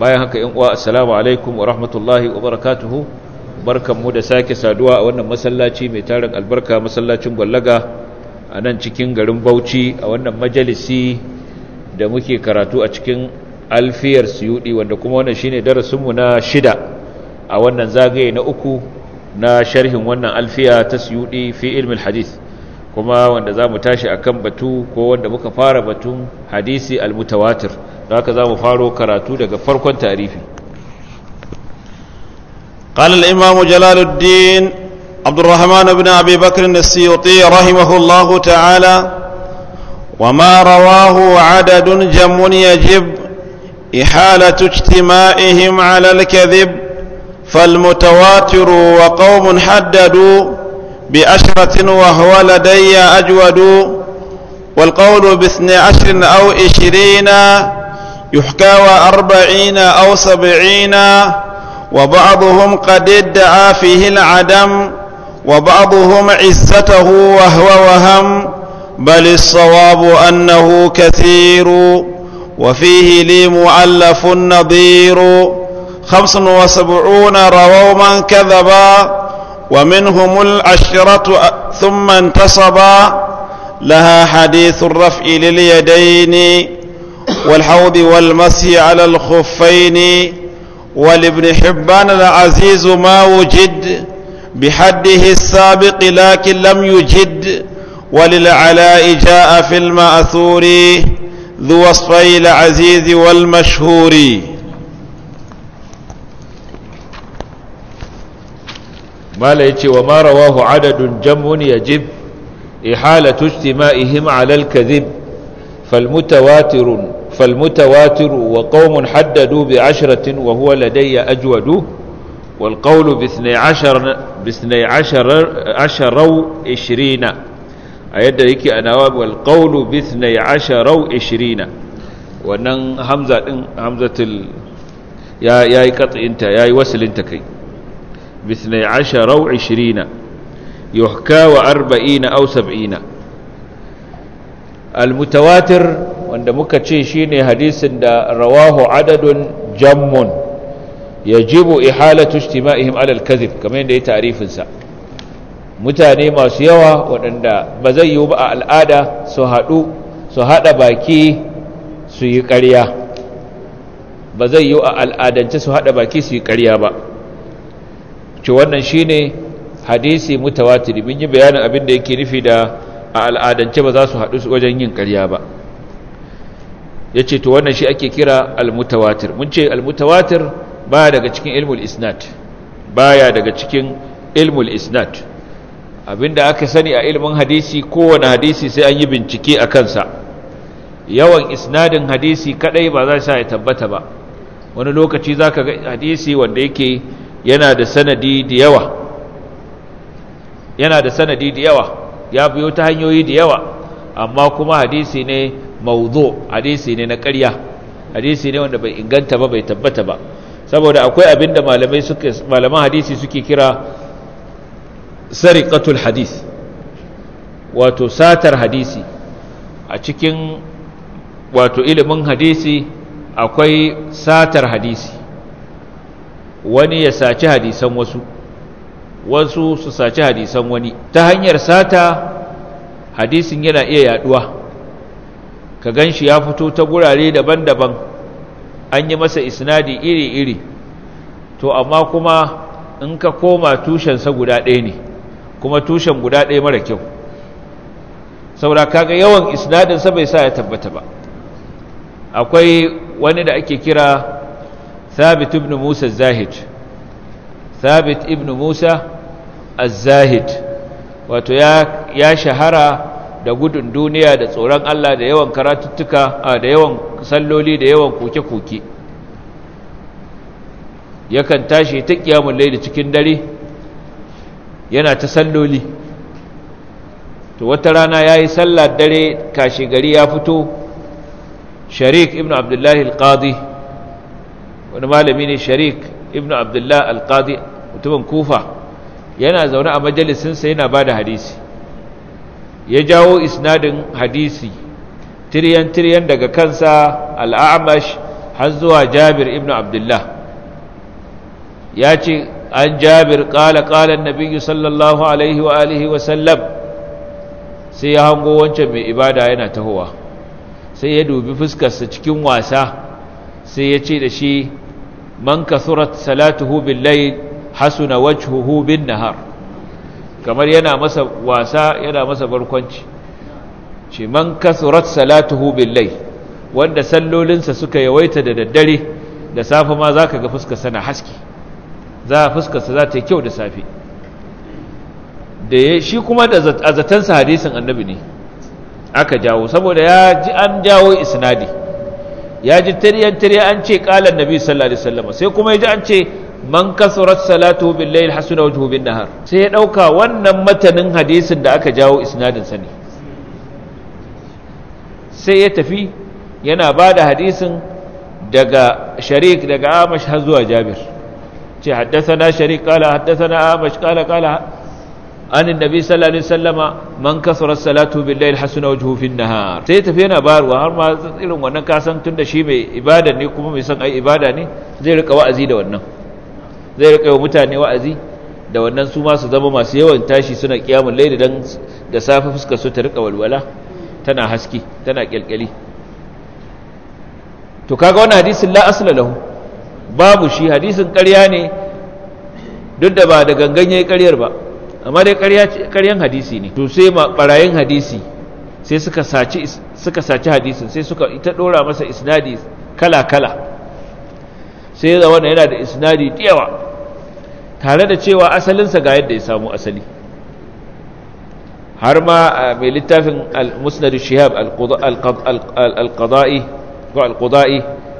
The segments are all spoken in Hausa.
bayan haka yan uwa assalamu alaikum wa rahmatullahi wa barakatuhu barkanmu da sake saduwa a wannan masallaci mai tarin albarka masallacin gwallaga a nan cikin garin Bauchi a wannan majalisi da muke karatu a cikin alfiyar siyuɗi, wanda kuma wannan shine darasinmu na shida a wannan zagaye na uku na sharhin wannan alfiya ta siyuɗi fi ilmi hadith kuma wanda za mu tashi akan batu ko wanda muka fara batun hadisi almutawatir haka za mu faro karatu daga farkon tarifi قال الإمام جلال الدين عبد الرحمن بن أبي بكر السيوطي رحمه الله تعالى وما رواه عدد جم يجب إحالة اجتماعهم على الكذب فالمتواتر وقوم حددوا بأشرة وهو لدي أجود والقول باثني عشر أو عشرين يحكى أربعين أو سبعين وبعضهم قد ادعى فيه العدم وبعضهم عزته وهو وهم بل الصواب أنه كثير وفيه لي مؤلف نظير خمس وسبعون رووا من كذبا ومنهم العشرة ثم انتصبا لها حديث الرفع لليدين والحوض والمسح على الخفين ولابن حبان العزيز ما وجد بحده السابق لكن لم يجد وللعلاء جاء في المأثور ذو وصفي العزيز والمشهور ما ليتي وما رواه عدد جم يجب إحالة اجتماعهم على الكذب فالمتواتر فالمتواتر وقوم حددوا بعشرة وهو لدي أجود والقول باثني عشر باثني عشر عشر وعشرين أيد يكي أنواب والقول باثني عشر وعشرين ونن همزة همزة ال يا يا يقطع أنت يا يوصل أنت كي باثني عشر وعشرين يحكى وأربعين أو سبعين المتواتر wanda muka ce shi ne hadisin da rawahu adadun jammun ya yajibu ihalatu ijtima'ihim alal kazib kamar yadda ya tarifinsa mutane masu yawa waɗanda ba zai yi ba a al'ada su haɗu su haɗa baki su yi ƙarya ba zai yi a al'adance su haɗa baki su yi ƙarya ba ci wannan shi ne hadisi mutawatiri bin yi bayanin abin da yake nufi da a al'adance ba za su haɗu wajen yin ƙarya ba ya ce to wannan shi ake kira almutawatir mun ce almutawatir baya daga cikin ilmul isnad baya daga cikin ilmul isnad abinda aka sani a ilmin hadisi kowane hadisi sai an yi bincike a kansa yawan isnadin hadisi kadai ba za sa ya tabbata ba wani lokaci za ka ga hadisi wanda yake yana da sanadi da yawa yana da sanadi da yawa ya biyo ta hanyoyi da yawa amma kuma hadisi ne mawdu hadisi ne na ƙarya hadisi ne wanda bai inganta ba bai tabbata ba saboda akwai abin da malaman hadisi suke kira sariqatul hadis wato satar hadisi a cikin wato ilimin hadisi akwai satar hadisi wani ya saci hadisan wasu wasu su saci hadisan wani ta hanyar sata hadisin yana iya yaduwa ka gan shi ya fito ta gurare daban-daban an yi masa isnadi iri-iri to amma kuma in ka koma tushensa guda ɗaya ne kuma tushen guda ɗaya mara kyau saboda kaga yawan isnadinsa bai sa ya tabbata ba akwai wani da ake kira thabit ibn musa zahid thabit ibn musa az-zahid wato ya shahara da gudun duniya da tsoron Allah da yawan karatuttuka da yawan salloli da yawan koke-koke yakan tashi ta kiyamun laili cikin dare yana ta salloli to wata rana ya yi sallar dare kashi gari ya fito sharik ibn abdullahi qadi wani malami ne sharik ibn abdullahi qadi mutumin kufa yana zaune a majalisinsa yana ba da hadisi ya jawo isnadin hadisi tiryan tiryan daga kansa al'amash har zuwa jabir ibn abdullah ya ce an jabir ƙala ƙalan Nabiyyu sallallahu alaihi wa alihi sai ya hango wancan mai ibada yana tahowa sai ya dubi fuskarsa cikin wasa sai ya ce da shi man kasurat salatuhu bil layl hasuna wajhuhu bin nahar kamar yana masa wasa yana masa barkwanci ce man kasurat salatuhu billai wanda sallolinsa suka yawaita da daddare da safe ma zaka ga fuskarsa na haske za a fuskarsa za ta yi kyau da safe da shi kuma da azatansa hadisin annabi ne aka jawo saboda ya ji an jawo isnadi ya ji tariyan tariya an ce kalan nabi sallallahu alaihi wasallam sai kuma ya ji an ce man kasurat salatu bil layl hasuna wajhu bin nahar sai ya dauka wannan matanin hadisin da aka jawo isnadin sa ne sai ya tafi yana bada hadisin daga sharik daga amash har zuwa jabir ce haddathana sharik qala haddathana amash qala qala an annabi sallallahu alaihi wasallama man kasara salatu bil layl hasuna wajhu fi nahar sai tafi yana barwa har ma irin wannan kasan tunda shi mai ibada ne kuma mai son ai ibada ne zai rika wa'azi da wannan zai rika wa mutane wa'azi da wannan su masu zama masu yawan tashi suna kiyamun laidu don da safe fuskar su ta rika walwala tana haske tana kyalkyali to kaga wani hadisin la lahu babu shi hadisin ƙarya ne duk da ba da gangan ya yi ƙaryar ba amma dai ƙaryan hadisi ne to sai ma barayin hadisi sai suka saci hadisun hadisin sai suka ita dora masa isnadi kala kala sai ya yana da isnadi diyawa tare da cewa asalinsa ga yadda ya samu asali har ma mai littafin musnad shihab al-qada'i ko al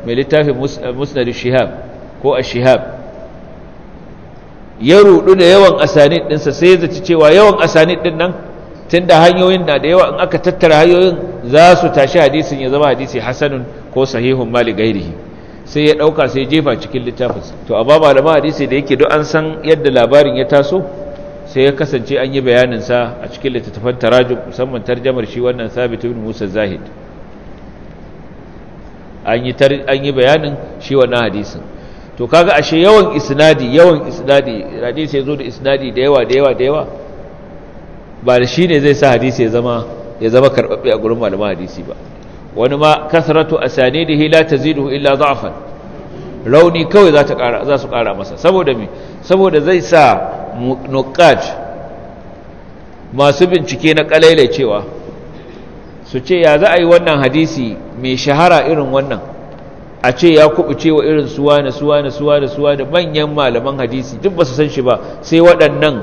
mai littafin Musnadu shihab ko shihab ya rudu da yawan asani ɗinsa sai zaci cewa yawan asani ɗin nan tunda hanyoyin na da yawa in aka tattara hanyoyin za su tashi hadisin ya zama hadisi hasanun ko sahihun mali gairihi sai ya ɗauka sai jefa cikin littafin. to a ba malama hadisi da yake duk an san yadda labarin ya taso sai ya kasance an yi bayaninsa a cikin littattafan tarajum musamman tarjamar shi wannan sabit ibn musa zahid an yi an yi bayanin shi wannan hadisin to kaga ashe yawan isnadi yawan isnadi hadisi ya zo da isnadi da yawa da yawa da yawa ba da ne zai sa hadisi ya zama ya zama karɓaɓɓe a gurin malama hadisi ba wani ma da hila ta taziduhu illa da'fan rauni kawai za su ƙara masa saboda me saboda zai sa nukaj masu bincike na kalailai cewa su ce ya za a yi wannan hadisi mai shahara irin wannan a ce ya kubuce wa irin suwa na suwa na suwa na suwa da manyan malaman hadisi duk ba su san shi ba sai waɗannan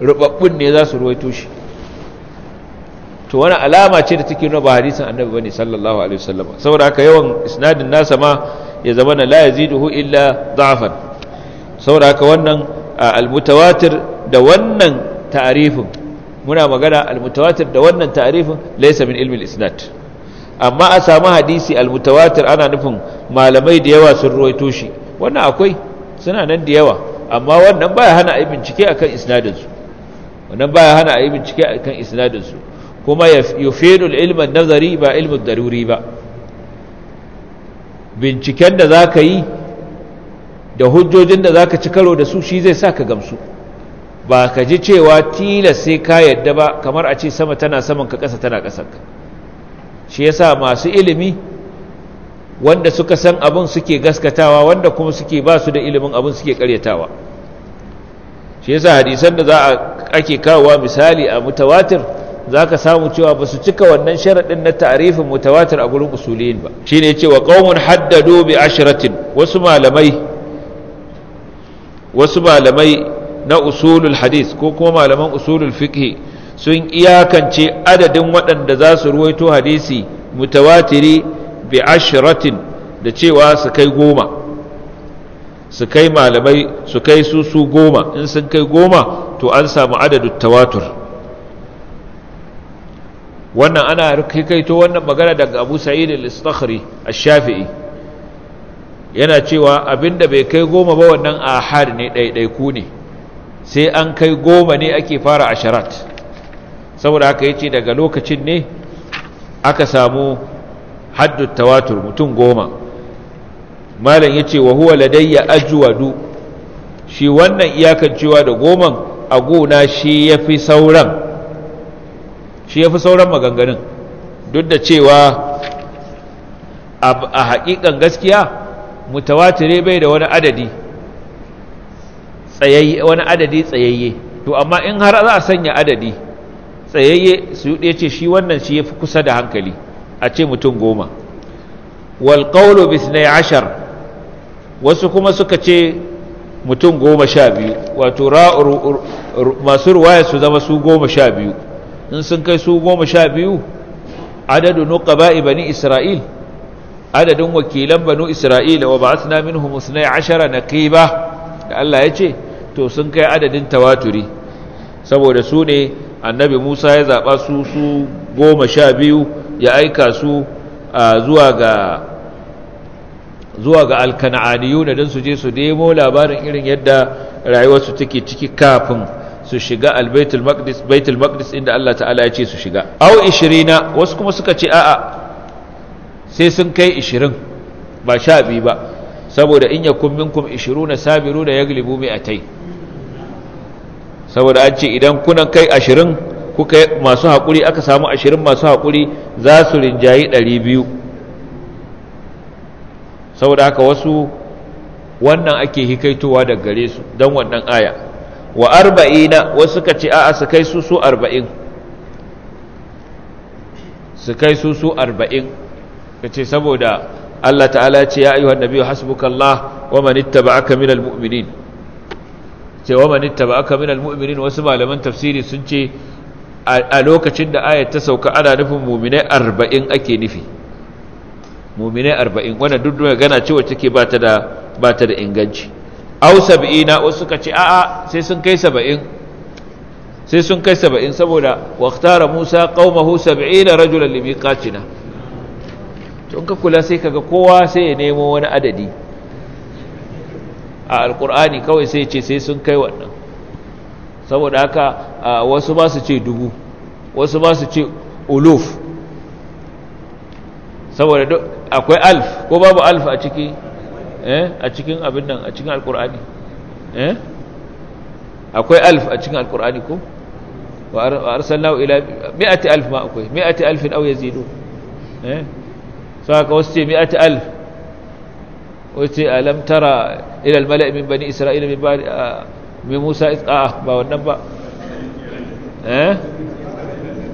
rubabbun ne za su ruwaito shi to wani alama ce da take nuna ba hadisin annabi bane sallallahu alaihi wasallam saboda haka yawan isnadin nasa ma ya zama la yaziduhu illa da'fan saboda haka wannan almutawatir da wannan ta'arifin muna magana almutawatir da wannan ta'arifin laysa min ilmi al-isnad amma a samu hadisi almutawatir ana nufin malamai da yawa sun ruwaito shi wannan akwai suna nan da yawa amma wannan baya hana a yi bincike akan isnadinsu wannan baya hana a yi bincike akan isnadinsu kuma yufidu ilmin nazari ba ilmin daruri ba binciken da za ka yi da hujjojin da za ka ci karo da su shi zai sa ka gamsu ba ka ji cewa tilas sai ka yadda ba kamar a ce sama tana saman ka ƙasa tana ƙasar ka shi yasa masu ilimi wanda suka san abin suke gaskatawa wanda kuma suke ba su da ilimin abin suke karyatawa shi yasa hadisan da za a ake kawowa misali a mutawatir za ka samu cewa ba su cika wannan sharaɗin na tarifin mutawatir a gurin usuliyin ba shi ne cewa ƙaumun haddado bi ashiratin wasu malamai wasu malamai na usulul hadis ko kuma malaman usulul fiqh sun iyakance adadin waɗanda za su ruwaito hadisi mutawatiri bi ashiratin da cewa su kai goma su kai malamai su kai su su goma in sun kai goma to an samu adadin tawatur wannan ana kaito wannan magana daga abu sa'id al-istakhri al shafii yana cewa abinda bai kai goma ba wannan ahad ne ɗaiɗaiku ne sai an kai goma ne ake fara asharat saboda haka yace daga lokacin ne aka samu haddu tawatur mutum goma malam yace wa huwa ladayya ajwadu shi wannan iyakan cewa da goman a gona shi fi sauran shi ya fi sauran maganganun duk da cewa a haƙiƙan gaskiya mutawatire bai da wani adadi tsayayye wani adadi tsayayye to amma in har za a sanya adadi tsayayye su yi ce shi wannan shi ya fi kusa da hankali a ce mutum goma wal qawlu ashar wasu kuma suka ce mutum goma sha biyu wato masu ruwaya su zama su goma sha biyu in sun kai su goma sha biyu adadu nuqaba'i bani isra'il adadin wakilan banu isra'ila wa ba'athna minhum 12 naqiba da Allah ya ce to sun kai adadin tawaturi saboda su ne annabi Musa ya zaɓa su su goma sha biyu ya aika su zuwa ga zuwa ga da don su je su demo labarin irin yadda rayuwarsu take ciki kafin su shiga albaitul maqdis baitul maqdis inda Allah ta'ala ya ce su shiga aw 20 wasu kuma suka ce a'a sai sun kai 20 ba sha biyu ba saboda in yakun minkum 20 da yaglibu mi'atay saboda an ce idan kuna kai 20 kuka masu hakuri aka samu 20 masu hakuri za su rinjayi 200 saboda haka wasu wannan ake hikaitowa daga gare su don wannan aya wa arba'ina wasu ka ce a'a su kai su su arba'in su kai su su arba'in ka ce saboda Allah ta'ala ce ya ayyuhan nabi hasbukallah wa man ittaba'aka minal mu'minin ce wa man ittaba'aka minal mu'minin wasu malaman tafsiri sun ce a lokacin da ayat ta sauka ana nufin mu'minai arba'in ake nufi mu'minai arba'in wannan duk gana cewa take ba ta da inganci au sab'ina wasu suka ce a'a sai sun kai saba'in sai sun kai saba'in saboda waqtara Musa qaumahu sab'ina rajulan miqatina to in ka kula sai kaga kowa sai ya nemo wani adadi a alqur'ani kawai sai ce sai sun kai wannan saboda haka wasu ba su ce dubu wasu ba su ce uluf saboda akwai alf ko babu alf a ciki Eh, a cikin abin nan a cikin alkur'ani eh? akwai alf a cikin alkur'ani ko wa arsalnahu ila mi'ati alf ma akwai mi'ati alfin aw yazidu eh saka wasu ce mi'ati alf wace alam tara ila almala'i min bani isra'ila min ba'd min musa isqa ba wannan ba eh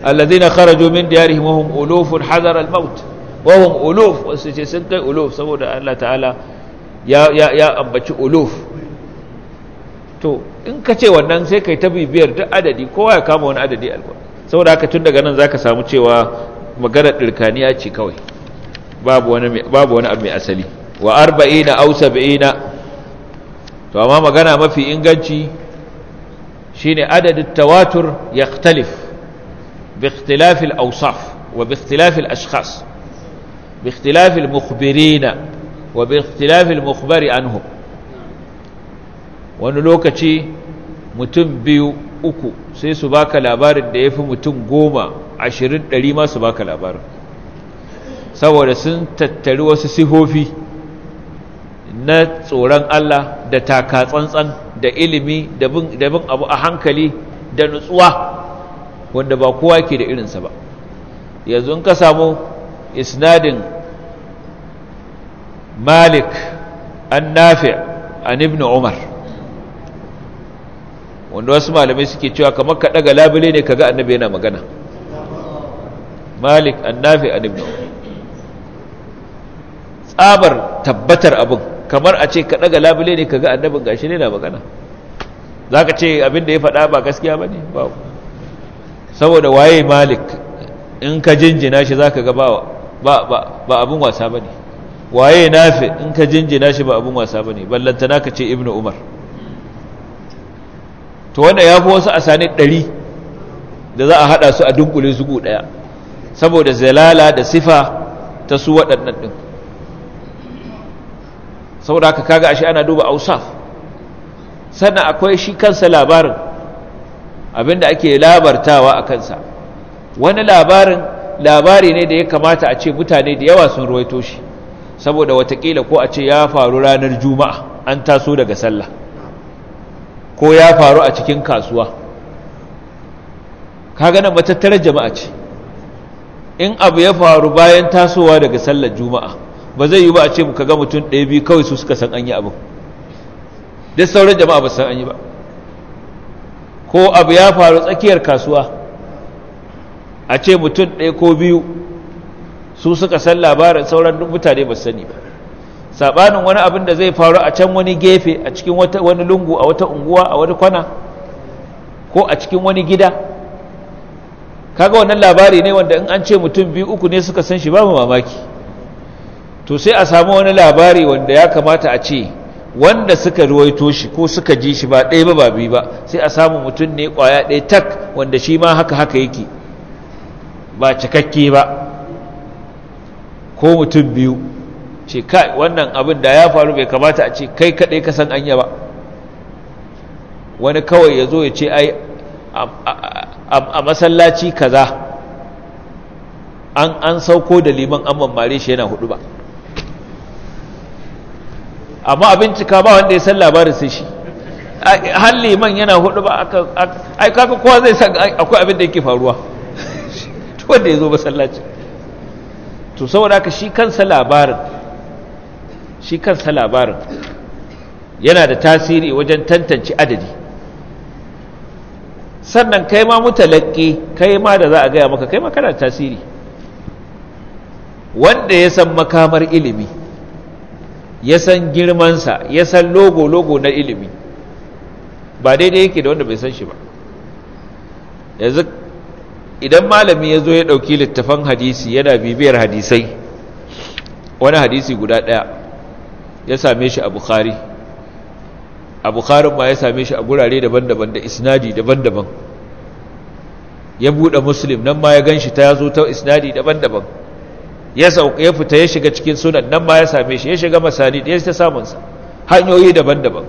alladhina kharaju min diyarihim wa hum ulufun hadara almaut wa hum uluf wasu ce sun kai uluf saboda Allah ta'ala ya ambaci uluf to in ka ce wannan sai kai ta bibiyar duk adadi kowa ya kama wani adadi alkur'ani saboda haka tun daga nan zaka samu cewa maganar dirkaniya ce kawai babu wani wani abu mai asali wa arba'ina aw sab'ina to amma magana mafi inganci shine adadin tawatur Yaktalif bi Ausaf al-awsaf wa bi ikhtilaf wa bi ikhtilafil wani lokaci mutum biyu uku sai su baka labarin da ya fi mutum goma ashirin ɗari masu baka labarin saboda sun tattari wasu sihofi na tsoron Allah da taka tsantsan da ilimi da bin abu a hankali da nutsuwa wanda ba kowa ke da irinsa ba yanzu in ka samu isnadin malik an عن ابن عمر umar wanda wasu malamai suke cewa kamar ka daga labule ne kaga annabi yana magana malik an nafi an ibn umar tsabar tabbatar abin kamar a ce ka daga labule ne kaga annabin gashi ne na magana za ka ce abin da ya faɗa ba gaskiya ba ne ba saboda waye malik in ka jinjina shi za ka ga ba abin wasa ba ne waye nafi in ka jinjina shi ba abun wasa bane ballantana ka kace ibnu umar to wanda ya fi wasu asani ɗari da za a haɗa su a dunkule su ɗaya saboda zalala da sifa ta su waɗannan ɗin saboda haka kaga ashe ana duba ausaf sannan akwai shi kansa labarin abinda ake labartawa a kansa wani labarin labari ne da ya kamata a ce mutane da yawa sun ruwaito shi saboda watakila ko a ce ya faru ranar juma'a an taso daga sallah ko ya faru a cikin kasuwa ka nan matattarar jama'a ce in abu ya faru bayan tasowa daga sallar juma'a ba zai yi ba a ce muka ga mutum ɗaya biyu kawai su suka san an yi abu duk sauran jama'a ba san an yi ba ko abu ya faru tsakiyar kasuwa a ce mutum ɗaya ko biyu su suka san labarin sauran mutane ba sani ba sabanin wani abin da zai faru a can wani gefe a cikin wani lungu a wata unguwa a wani kwana ko a cikin wani gida kaga wannan labari ne wanda in an ce mutum biyu uku ne suka san shi ba mu mamaki to sai a samu wani labari wanda ya kamata a ce wanda suka ruwaito shi ko suka ji shi ba ɗaya ba ba biyu ba sai a samu mutum ne ƙwaya ɗaya tak wanda shi ma haka haka yake ba cikakke ba ko mutum biyu ce kai wannan abin da ya faru bai kamata a ce kai kaɗai ka san anya ba wani kawai ya zo ya ce ai a masallaci kaza an an sauko da liman an mamare shi yana hudu ba amma cika ba wanda ya san labarin sai shi har liman yana hudu ba ai kaka kowa zai san akwai abin da yake faruwa wanda ya zo masallaci to saboda haka shi kansa labarin shi kansa labarin yana da tasiri wajen tantance adadi sannan kai ma mutalaki kai ma da za a gaya maka kai ma kana tasiri wanda ya san makamar ilimi ya san girmansa ya san logo-logo na ilimi ba daidai yake da wanda bai san shi ba yanzu idan malami ya zo ya ɗauki littafan hadisi yana bibiyar hadisai wani hadisi guda ɗaya ya same shi a bukari a bukarin ma ya same shi a gurare daban-daban da isnadi daban-daban ya buɗe muslim nan ma ya gan shi ta ya zo ta isnadi daban-daban ya fita ya shiga cikin sunan nan ma ya same shi ya shiga masani ya ta samunsa hanyoyi daban-daban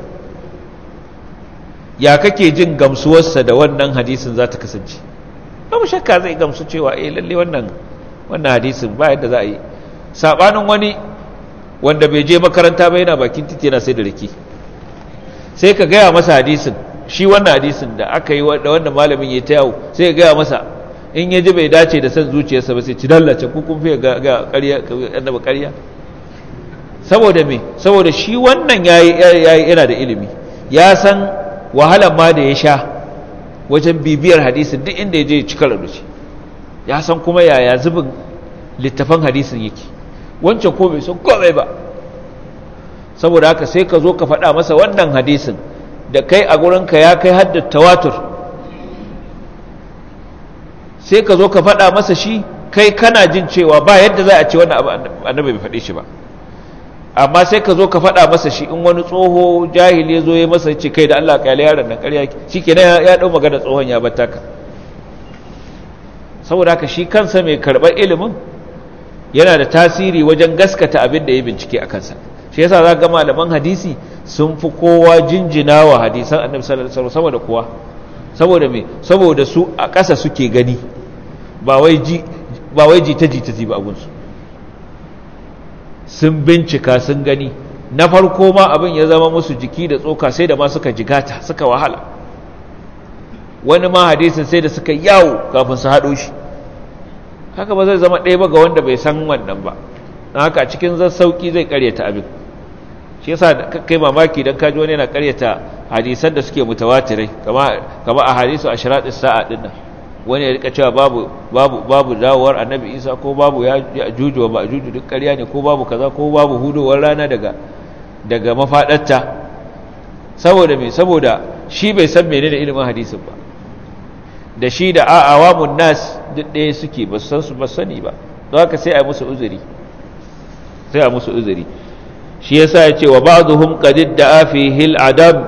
ya kake jin gamsuwarsa da wannan hadisin za ta kasance babu shakka zai gamsu cewa eh lalle wannan wannan hadisin ba yadda za a yi sabanin wani wanda bai je makaranta ba yana bakin titi yana sai da rake sai ka gaya masa hadisin shi wannan hadisin da aka yi da wannan malamin ya ta yawo sai ya gaya masa in ya ji bai dace da san zuciyarsa ba sai ci dallace ko kun fiye ga ƙarya annaba ƙarya saboda me saboda shi wannan yayi yana da ilimi ya san wahalar ma da ya sha wajen bibiyar hadisin duk inda ya je cika raduci ya san kuma yaya zubin littafan hadisin yake wancan ko bai san komai ba saboda haka sai ka zo ka faɗa masa wannan hadisin da kai a gurinka ya kai haddar tawatur sai ka zo ka faɗa masa shi kai kana jin cewa ba yadda za a ce wannan annabi bai faɗe shi ba amma sai ka zo ka faɗa masa shi in wani tsoho jahili ya zo ya masa ce kai da Allah ka yi yaron nan ƙarya shi na ya ɗau magana tsohon ya bata ka. saboda haka shi kansa mai karɓar ilimin yana da tasiri wajen gaskata abin da ya bincike a kansa shi yasa za ga malaman hadisi sun fi kowa jinjina wa hadisan annabi sallallahu alaihi wasallam saboda kowa saboda me saboda su a ƙasa suke gani ba wai ji ba wai jita jita ji ba abun su sun bincika sun gani na farko ma abin ya zama musu jiki da tsoka sai da ma suka jigata suka wahala wani ma hadisin sai da suka yawo kafin su haɗo shi haka ba zai zama ɗaya ba ga wanda bai san wannan ba na haka cikin zan sauƙi zai ƙaryata abin shi yasa kai mamaki don kaji wani yana karyata hadisan da suke mutawatirai kama a hadisu a shiraɗin sa'a ɗin nan wani ya rika cewa babu babu babu dawowar annabi isa ko babu ya jujuwa ba juju duk ƙarya ne ko babu kaza ko babu hudowar rana daga daga mafaɗarta saboda me saboda shi bai san menene ilimin hadisin ba da shi da a'awamun nas duk ɗaya suke ba san su ba sani ba don haka sai a musu uzuri sai a musu uzuri shi yasa ya ce wa ba'dhum qad da'a fihi al-adab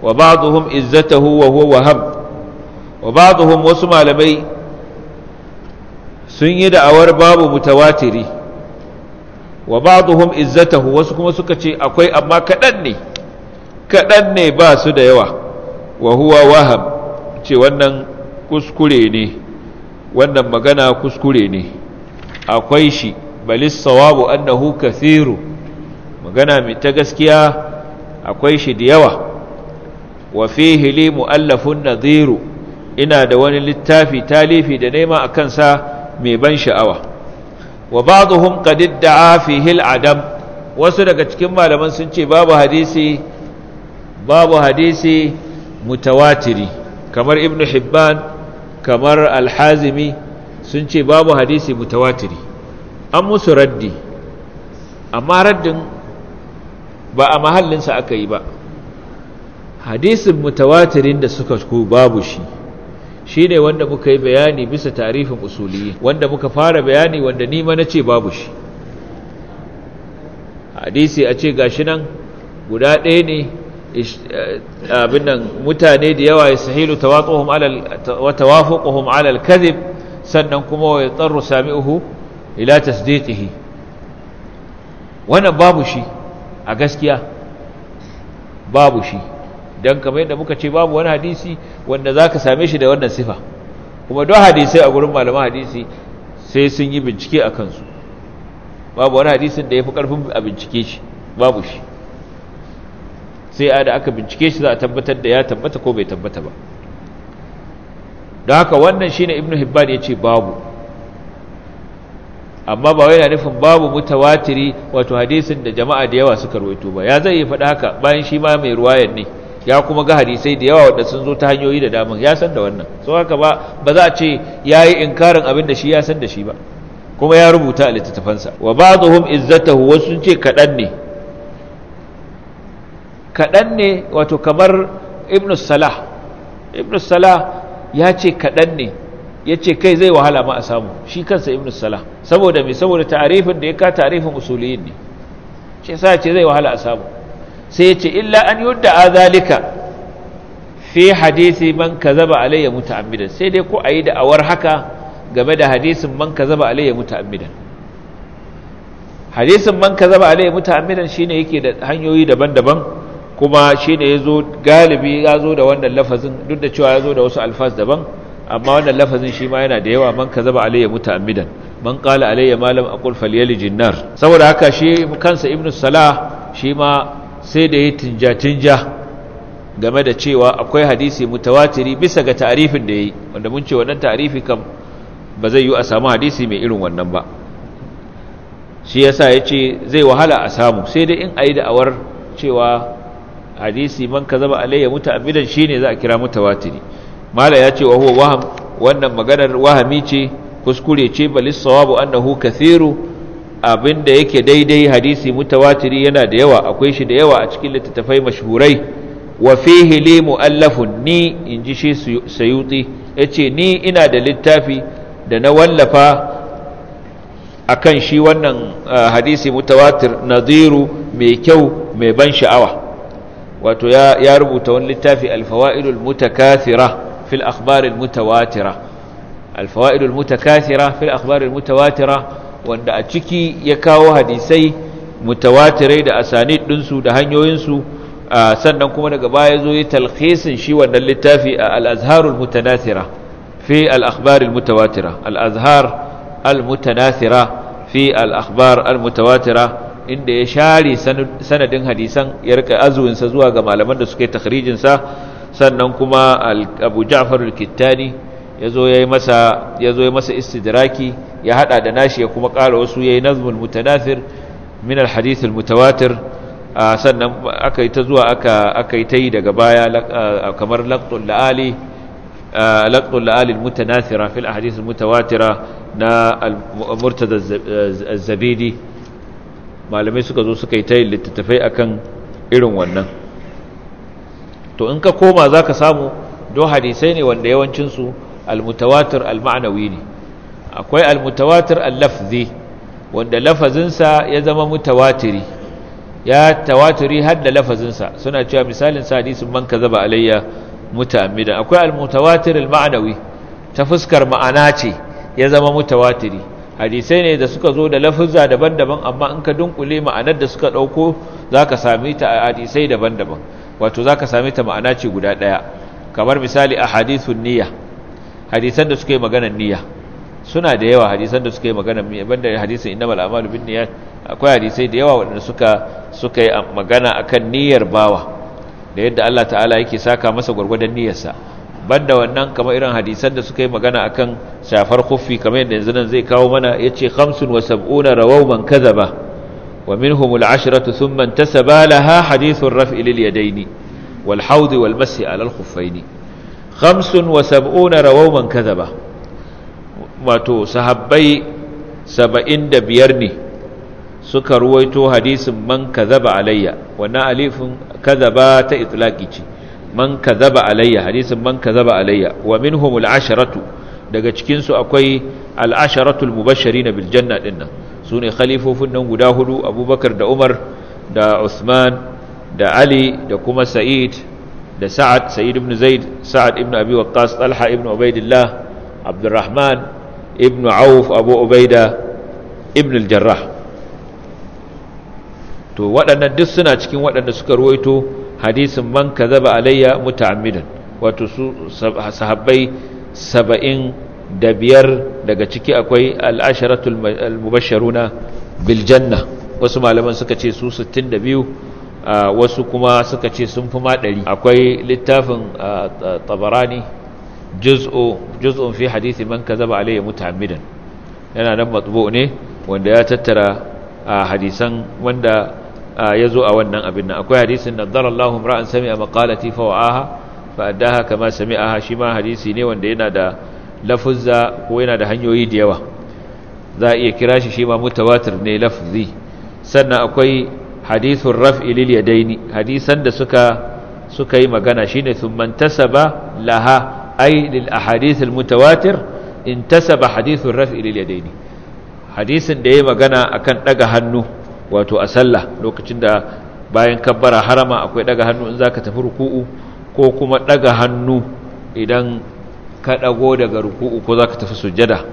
wa ba'dhum izzatahu wa huwa wahab wa ba'dhum wasu malamai sun yi da'awar babu mutawatiri wa ba'dhum izzatahu wasu kuma suka ce akwai amma kaɗan ne kaɗan ne ba su da yawa wa huwa waham ce wannan kuskure ne wannan magana kuskure ne akwai shi balis sawabu annahu kathiru magana mai ta gaskiya akwai shi da yawa wa fi hili mu'allafun naziru. ina da wani littafi talifi da nema a kansa mai ban sha'awa wa ba'dhum qad idda'a fihi al-adam wasu daga cikin malaman sun ce babu hadisi babu hadisi mutawatiri kamar ibn hibban kamar al-hazimi sun ce babu hadisi mutawatiri an musu raddi amma raddin ba a mahallinsa aka yi ba hadisin mutawatirin da suka ku babu shi ne wanda muka yi bayani bisa tarifin usuliyi wanda muka fara bayani wanda ni ma nace babu shi hadisi a ce gashi nan guda ɗaya ne eh, abin nan mutane da yawa ya sahilu ta wafo wa alal kadhib sannan kuma wa sami uhu ila tasdiqihi wannan babu shi a gaskiya babu shi don kama yadda muka ce babu wani hadisi wanda za ka same shi da wannan sifa kuma don hadisai a gurin malaman hadisi sai sun yi bincike a kansu babu wani hadisin da ya fi karfin a bincike shi babu shi sai a da aka bincike shi za a tabbatar da ya tabbata ko bai tabbata ba don haka wannan shi ne ibn hibban ya ce babu amma ba wai na nufin babu mutawatiri wato hadisin da jama'a da yawa suka ruwaito ba ya zai yi faɗa haka bayan shi ma mai ruwayan ne ya kuma ga hadisai da yawa wadda sun zo ta hanyoyi da damar ya san da wannan so haka ba ba za a ce in inkarin abin da shi ya san da shi ba kuma ya rubuta a littattafansa wa ba'dhum izzata huwa sun ce kaɗan ne kaɗan ne wato kamar ibnu salah ibnu salah ya ce kaɗan ne ya ce kai zai wahala ma a samu shi kansa ibnu salah saboda me saboda ta'arifin da ya ka ta'arifin usuliyin ne shi yasa ce zai wahala a samu sai ya ce illa an yudda a zalika fi hadisi man kazaba alayya muta'ammidan sai dai ko ayi da awar haka game da hadisin man kazaba alayya muta'ammidan hadisin man kazaba alayya muta'ammidan shine yake da hanyoyi daban-daban kuma shine yazo galibi ya zo da wannan lafazin duk da cewa ya zo da wasu alfaz daban amma wannan lafazin shi ma yana da yawa man kazaba alayya muta'ammidan man qala alayya ma lam aqul falyalijin nar saboda haka shi kansa ibnu salah shi ma sai da ya tinja-tinja game da cewa akwai hadisi mutawatiri bisa ga tarifin da ya yi wanda mun ce wannan tarifi kam ba zai yi a samu hadisi mai irin wannan ba shi yasa ya ce zai wahala a samu sai dai in a yi da'awar cewa hadisi man ka zama alayya muta abidan shi ne za a kira mutawatiri mala ya ce wahuwa wannan maganar wahami ce kuskure ce balis sawabu annahu kathiru abin da yake daidai hadisi mutawatiri yana da yawa akwai shi da yawa a cikin littattafai mashhurai wa fihi li mu'allafun ni inji shi sayuti yace ni ina da littafi da na wallafa akan shi wannan hadisi mutawatir nadiru mai kyau mai ban sha'awa wato ya ya rubuta wani littafi al-fawaidul mutakathira fil akhbar al-mutawatira al mutakathira fil akhbar al-mutawatira wanda a ciki ya kawo hadisai mutawatirai da asanid ɗinsu da hanyoyinsu sannan kuma daga baya zo ya talhisin shi wannan littafi a al'azharul mutanathira fi al'akhbaril mutawatira al'azhar al-mutanathira fi al'akhbar al-mutawatira inda ya share sanadin hadisan ya rika azuwinsa zuwa ga malaman da suka takrijinsa takhrijinsa sannan kuma abu ja'far al-kittani ya zo ya yi masa istidraki ya hada da nashi ya kuma ƙara wasu yayi nazmul mutanafir min alhadith almutawatir sannan aka yi ta zuwa aka yi ta yi daga baya kamar laqtul laali laqtul laali almutanathira fil ahadith almutawatira na murtada zabidi malamai suka zo suka yi ta littattafai akan irin wannan to in ka koma zaka samu don hadisai ne wanda yawancinsu almutawatir alma'nawi ne akwai almutawatir allafzi wanda lafazinsa ya zama mutawatiri ya tawatiri har da lafazinsa suna cewa misalin sa hadisin man kazaba alayya muta'ammidan akwai almutawatir alma'nawi ta fuskar ma'ana ce ya zama mutawatiri hadisai ne da suka zo da lafuzza daban-daban amma in ka dunkule ma'anar da suka dauko zaka same ta a hadisai daban-daban wato zaka same ta ma'ana ce guda daya kamar misali ahadithun niyya hadisan da suka yi maganar niyya suna da yawa hadisan da suka yi magana banda hadisin innamal a'malu binniyat akwai hadisai da yawa waɗanda suka suka yi magana akan niyyar bawa da yadda Allah ta'ala yake saka masa gwargwadon niyyarsa banda wannan kamar irin hadisan da suka yi magana akan shafar khuffi kamar yadda yanzu nan zai kawo mana yace 75 rawaw man kazaba wa minhum al-ashratu thumma intasaba laha hadithu ar-raf'i lil yadaini wal hawdi wal mas'i ala al-khuffaini 75 rawaw kazaba wato sahabbai saba'in da biyar ne suka ruwaito hadisin man kazaba alayya wannan alifin kazaba ta itlaki ce man kazaba alayya hadisin man kazaba alayya wa minhum al'asharatu daga cikin su akwai al'asharatu al-mubashirin bil janna dinnan sune khalifofin nan guda hudu Abubakar da Umar da Uthman da Ali da kuma Sa'id da Sa'ad Sa'id ibn Zaid Sa'ad ibn Abi Waqqas Talha ibn Ubaidillah Abdurrahman ibn auf abu ubaida ibn al-jarrah to waɗannan duk suna cikin waɗanda suka ruwaito hadisin man kazaba alayya muta'ammidan wato su sahabbai saba'in da biyar daga ciki akwai al'asharatul mubasharuna biljanna wasu malaman suka ce su 62 wasu kuma suka ce sun fi ma akwai littafin tabarani juz'u juz'un fi hadisi man kazaba alayhi muta'ammidan yana nan matbu ne wanda ya tattara a hadisan wanda ya zo a wannan abin nan akwai hadisin nadara Allahu ra'an sami'a maqalati fa wa'aha fa addaha kama sami'aha shi ma hadisi ne wanda yana da lafuzza ko yana da hanyoyi da yawa za a iya kira shi shi ma mutawatir ne lafzi sannan akwai hadithun raf'i lil yadaini hadisan da suka suka yi magana shine thumman tasaba laha ai lil ahadith al mutawatir intasaba hadith ar raf'i lil yadaini hadisin da yayi magana akan daga hannu wato a sallah lokacin da bayan kabbara harama akwai ɗaga hannu in zaka tafi ruku'u ko kuma ɗaga hannu idan ka ɗago daga ruku'u ko zaka tafi sujjada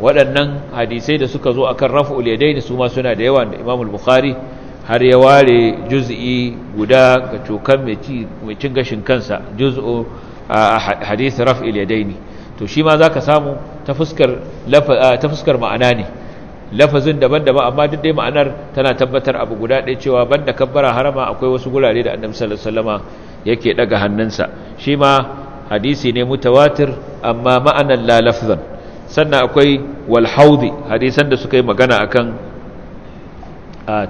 waɗannan hadisai da suka zo a kan yadaini su ma suna da yawa da Imam al har ya ware juz'i guda ga cokan mai cin gashin kansa juz'u hadith raf'il yadaini to shi ma zaka samu ta fuskar ta fuskar ma'ana ne lafazin daban-daban amma duk dai ma'anar tana tabbatar abu guda ɗaya cewa banda kabbara harama akwai wasu gurare da annabi sallallahu alaihi wasallama yake daga hannunsa shi ma hadisi ne mutawatir amma ma'anan la lafzan sannan akwai wal haudi hadisan da suka yi magana akan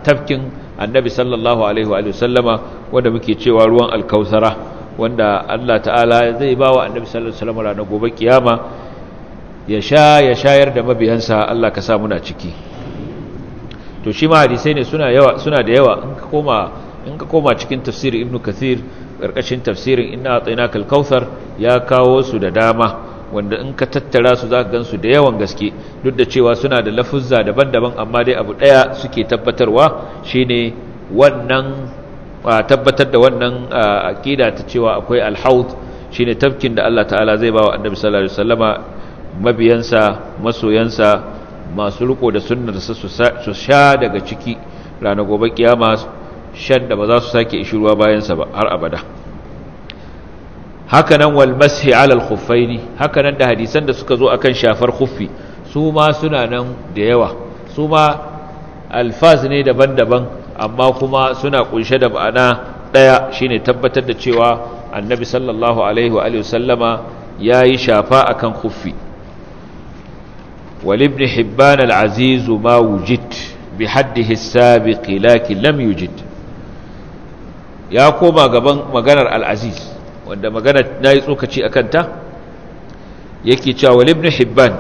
tafkin annabi sallallahu alaihi wa sallama wanda muke cewa ruwan alkausara wanda Allah ta'ala zai ba wa annabi sallallahu alaihi wasallam ranar gobe kiyama ya sha ya shayar da mabiyansa Allah ka sa muna ciki to shi ma hadisai ne suna yawa suna da yawa in ka koma in ka koma cikin tafsir ibnu kathir karkashin tafsirin inna atainaka al kauthar ya kawo su da dama wanda in ka tattara su za ka gansu da yawan gaske duk da cewa suna da lafuzza daban-daban amma dai abu ɗaya suke tabbatarwa shine wannan a tabbatar da wannan aqida ta cewa akwai al-haud shine tafkin da Allah ta'ala zai bawa annabi sallallahu alaihi wasallama mabiyansa masoyansa masu riko da sunnar su sha daga ciki ranar gobe kiyama shan da ba za su sake ishiruwa bayan sa ba har abada hakanan wal mashi ala al khuffaini hakanan da hadisan da suka zo akan shafar khuffi su ma suna nan da yawa su ma alfaz ne daban-daban amma kuma suna kunshe da ma'ana ɗaya shine tabbatar da cewa annabi sallallahu alaihi wa sallama ya yi shafa akan kufi walibni hibban al'azizu ma wujid bi haddi sabiqi lakin lam yujid ya koma gaban maganar al'aziz wanda magana na yi tsokaci a kanta yake cewa walibni hibban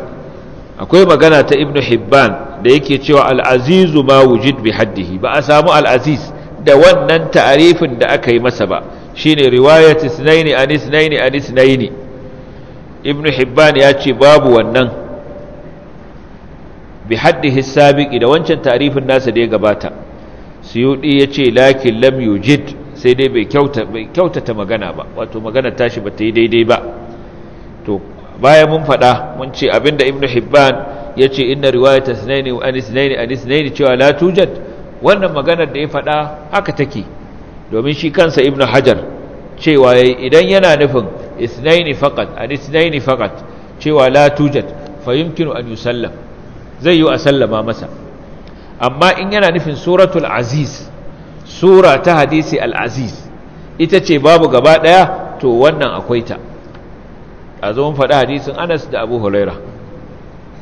akwai magana ta ibnu hibban da yake cewa al'azizu ma wujid bi haddihi ba a samu al'aziz da wannan ta'arifin da aka yi masa ba Shi shine riwayat isnaini a isnaini an isnaini Ibn hibban ya ce babu wannan bi haddihi sabiki da wancan ta'arifin nasa da ya gabata suyudi ya ce lakin lam yujid sai dai bai kyautata magana ba wato magana tashi ba ta yi daidai ba to bayan mun faɗa mun ce abinda Ibn hibban yace inna riwayat ithnaini wa ithnaini an cewa la tujad wannan maganar da ya faɗa haka take domin shi kansa ibnu hajar cewa idan yana nufin ithnaini faqat an faqat cewa la tujad fa an an sallam zai yi a sallama masa amma in yana nufin suratul aziz sura ta hadisi al'aziz ita ce babu gaba daya to wannan akwai ta a zo hadisin Anas da Abu Huraira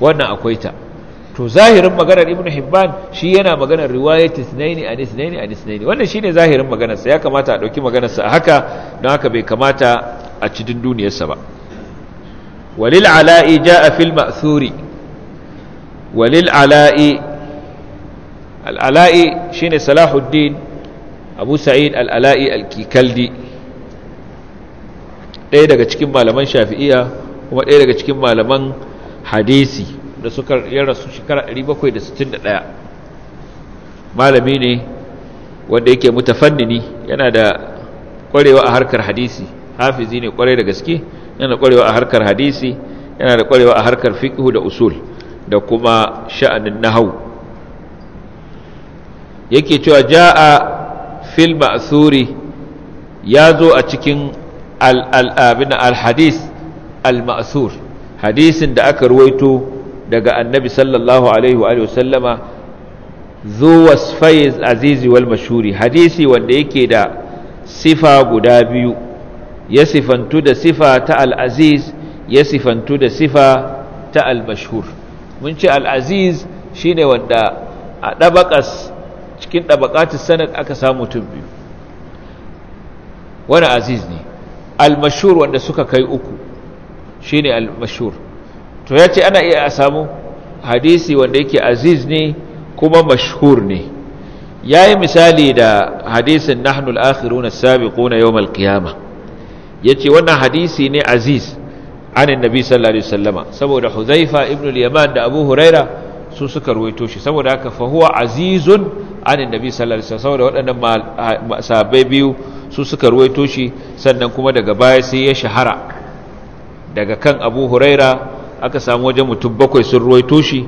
wannan akwai ta to zahirin maganar ibn hibban shi yana maganar riwayati sunaini a sunaini a sunaini wannan shine zahirin maganarsa ya kamata a ɗauki maganarsa a haka don haka bai kamata a cidin duniyarsa ba walil ala'i ja'a fil ma'thuri walil ala'i al'ala'i shine salahuddin abu sa'id al-kikaldi ɗaya daga cikin malaman shafi'iya kuma ɗaya daga cikin malaman hadisi da suka ya rasu shekara 761 malami ne wanda yake mutafannini yana da kwarewa a harkar hadisi hafizi ne kwarai da gaske yana da kwarewa a harkar hadisi yana da kwarewa a harkar fiqh da usul da kuma sha'anin nahwu yake cewa jaa fil ma'thuri yazo a cikin al-abin al-hadith al-ma'thur al abin al hadith abin al hadith al hadisin da aka ruwaito daga annabi sallallahu alaihi wa sallama zu wasfai azizi wal mashuri hadisi wanda yake da sifa guda biyu ya sifantu da sifa ta al'aziz ya sifantu da sifa ta al-mashhur mun ce al'aziz aziz shine wanda a ɗabaƙas cikin ɗabaƙatis sanad aka samu tun biyu wani aziz ne al-mashhur wanda suka kai uku shi ne al-mashhur to ya ce ana iya a samu hadisi wanda yake aziz ne kuma mashhur ne ya yi misali da hadisin nahnul akhiruna sabiquna yawmal qiyama ya ce wannan hadisi ne aziz anin nabi sallallahu alaihi wasallama saboda huzaifa ibn yaman da abu huraira su suka ruwaito shi saboda haka fahuwa azizun anin nabi sallallahu alaihi wasallam saboda waɗannan sahabbai biyu su suka ruwaito shi sannan kuma daga baya sai ya shahara daga kan abu huraira aka samu wajen mutum bakwai sun ruwaito shi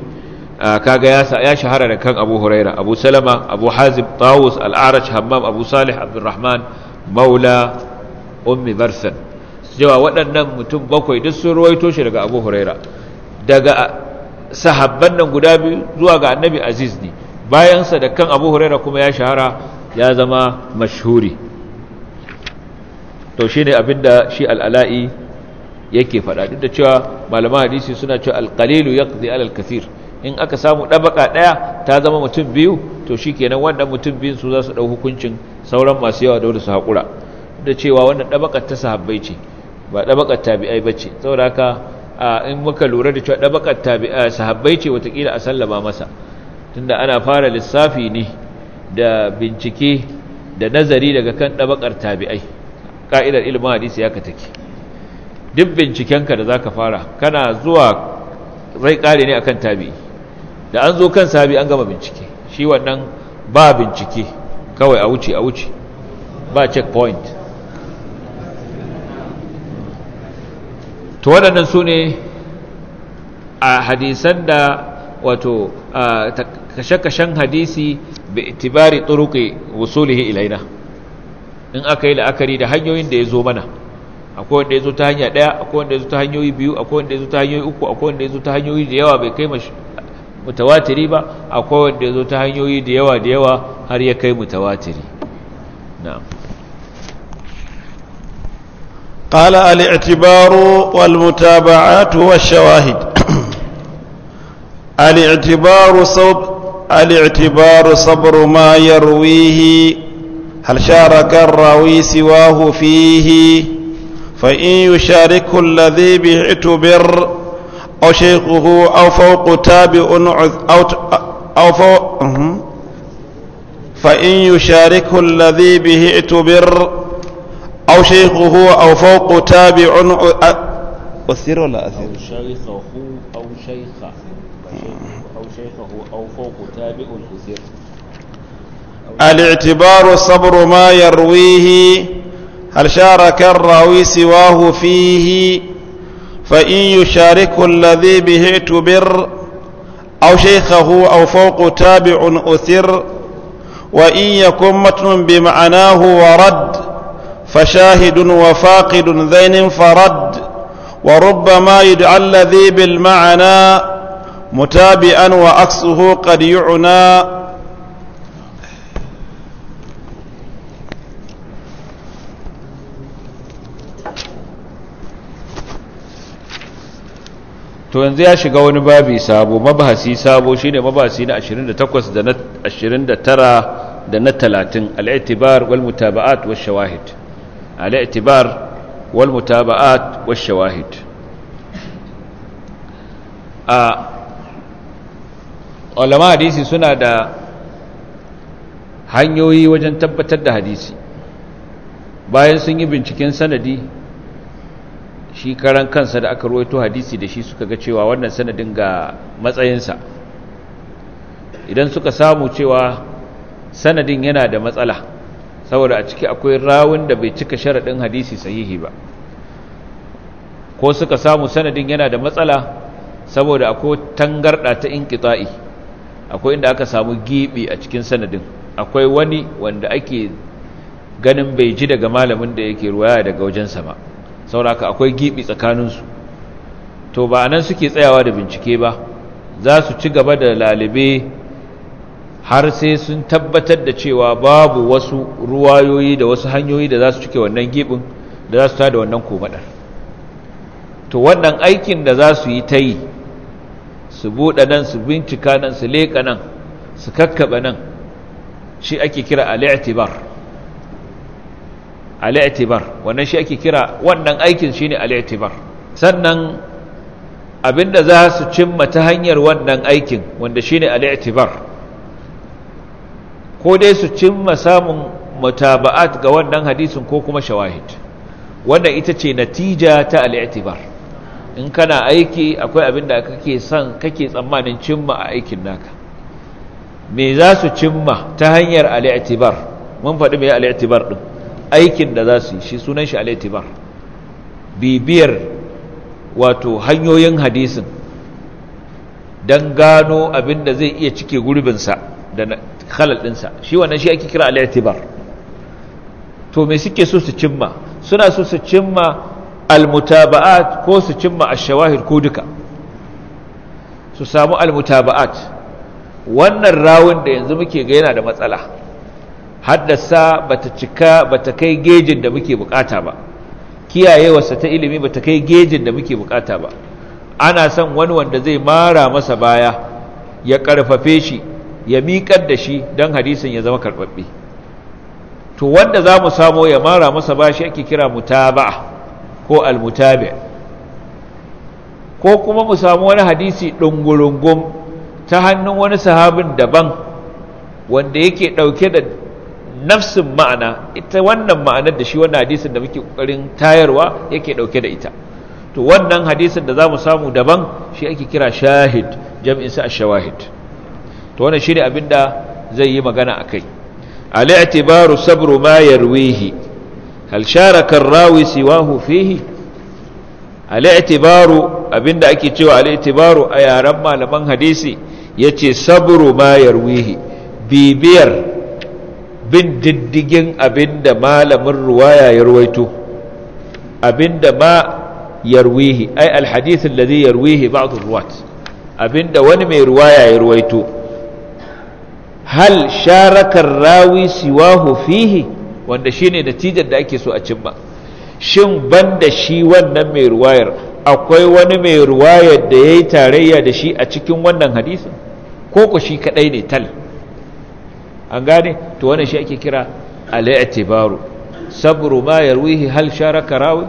kaga ya shahara da kan abu huraira abu salama abu hazib tawus al'arash hammam abu salih abdurrahman maula ummi barsan cewa waɗannan mutum bakwai duk sun ruwai toshi daga abu huraira daga sahabban nan guda biyu zuwa ga annabi aziz ne bayansa da kan abu huraira kuma ya shahara ya zama mashhuri to shi abin da shi al'ala'i yake faɗa duk da cewa malaman hadisi suna cewa alqalilu yaqdi alal kasir in aka samu ɗabaka ɗaya ta zama mutum biyu to shi kenan wannan mutum biyun su za su ɗau hukuncin sauran masu yawa dole su haƙura da cewa wannan ɗabakar ta sahabbai ce ba ɗabakar tabi'ai ba ce saboda haka in muka lura da cewa ɗabakar sahabbai ce watakila a sallama masa tunda ana fara lissafi ne da bincike da nazari daga kan ɗabakar tabi'ai ƙa'idar ilimin hadisi ya ka take duk bincikenka da za ka fara kana zuwa zai kare ne akan tabi da an zo kan sabi an gama bincike shi wannan ba bincike kawai a wuce a wuce ba checkpoint to waɗannan su ne a hadisan da wato kashe-kashen hadisi bi itibari turuqi wusulihi ilaina in aka yi la'akari da hanyoyin da ya zo mana akwai wanda ya zo ta hanya ɗaya akwai wanda ya zo ta hanyoyi biyu akwai wanda ya zo ta hanyoyi uku akwai wanda ya zo ta hanyoyi da yawa bai kai mutawatiri ba akwai wanda ya zo ta hanyoyi da yawa da yawa har ya kai mutawatiri قال الاعتبار والمتابعات والشواهد الاعتبار صب الاعتبار صبر ما يرويه هل شارك الراوي سواه فيه فإن يشارك الذي به اعتبر أو شيخه أو فوق تابع أو أو فوق فإن يشارك الذي به اعتبر أو شيخه أو فوق تابع أثير ولا أثير؟ أو شيخه أو شيخه أو شيخه أو فوق تابع أثير الاعتبار صبر ما يرويه هل شارك الراوي سواه فيه فإن يشارك الذي به اعتبر أو شيخه أو فوق تابع أثر وإن يكن متن بمعناه ورد فشاهد وفاقد ذين فرد وربما يدعى الذي بالمعنى متابئا وعكسه قد يعنى to yanzu ya shiga wani babi sabo mabahasi sabo shine mabahasi na 28 da na 29 da na 30 al wal mutaba'at wash shawahid al wal mutaba'at wash shawahid a ulama hadisi suna da hanyoyi wajen tabbatar da hadisi bayan sun yi binciken sanadi shi karan kansa da aka ruwaito hadisi da shi suka ga cewa wannan sanadin ga matsayinsa idan suka samu cewa sanadin yana da matsala saboda a ciki akwai rawun da bai cika sharaɗin hadisi sahihi ba ko suka samu sanadin yana da matsala saboda akwai tangarɗa ta inƙita'i akwai inda aka samu giɓi a cikin sanadin akwai wani wanda ake ganin bai ji daga malamin da yake ruwaya daga wajen sama sauraka akwai gibi tsakaninsu to ba nan suke tsayawa da bincike ba za su ci gaba da lalibe har sai sun tabbatar da cewa babu wasu ruwayoyi da wasu hanyoyi da za su cike wannan gibin da za su tada wannan komadar to wannan aikin da za su yi ta yi su buɗe nan su bincika nan su leƙa nan su kakkaɓe nan shi ake kira alitibar al'atibar wannan shi ake kira wannan aikin shine al'atibar sannan abinda za su cimma ta hanyar wannan aikin wanda shine al'atibar ko dai su cimma samun mutaba'at ga wannan hadisin ko kuma shawahid wanda ita ce natija ta al'atibar in kana aiki akwai abinda kake son kake tsammanin cimma a aikin naka me za su cimma ta hanyar al'atibar mun faɗi mai al'atibar ɗin aikin da za su yi shi sunan shi al'itibar bibiyar wato hanyoyin hadisin don gano abin da zai iya cike gurbinsa da halalinsa shi wannan shi ake kira al'itibar to mai suke so su cimma suna so su cimma almutaba'at ko su cimma a shawahir ko duka su samu almutaba'at wannan rawun da yanzu muke ga yana da matsala haddasa bata cika bata kai gejin da muke bukata ba kiyayewarsa ta ilimi bata kai gejin da muke bukata ba ana son wani wanda zai mara masa baya ya karfafe shi ya miƙar da shi don hadisin ya zama karɓaɓɓe to wanda za mu samo ya mara masa bashi ake kira mutaba'a ko almutabi ko kuma mu samu wani hadisi ɗungurungun ta hannun wani sahabin daban wanda yake ɗauke da nafsin ma'ana ita wannan ma'anar da shi wannan hadisin da muke kokarin tayarwa yake dauke da ita to wannan hadisin da zamu samu daban shi ake kira shahid jam'in sa ash-shawahid to wannan shine abinda zai yi magana akai al-i'tibaru sabru ma yarwihi hal sharaka ar-rawi siwahu fihi al-i'tibaru abinda ake cewa al-i'tibaru a yaran malaman hadisi yace sabru ma yarwihi bibiyar bin diddigin abinda malamin ruwaya ya ruwaito abinda ma yarwihi ai da zai yarwihi ba'd ruwat abinda wani mai ruwaya ya ruwaito hal sharaka rawi siwahu fihi wanda shine natijar da ake so a cimma shin banda shi wannan mai ruwayar akwai wani mai ruwayar da yayi tarayya da shi a cikin wannan hadisin ko ko shi kadai ne tal an gane to wannan shi ake kira al-i'tibaru sabru ma yarwihi hal sharaka rawi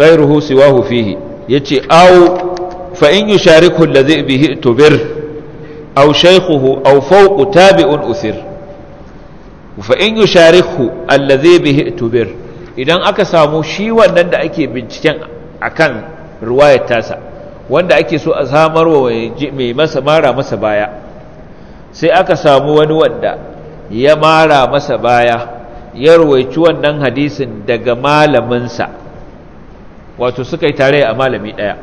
ghayruhu siwahu fihi yace aw fa in yushariku allazi bihi tubir aw shaykhuhu aw fawqu tabi'un usir fa in yushariku allazi bihi tubir idan aka samu shi wannan da ake binciken akan ruwayar tasa wanda ake so a samarwa mai masa mara masa baya sai aka samu wani wanda ya mara masa baya ya ruwaici wannan hadisin daga malaminsa wato suka yi tare a malami ɗaya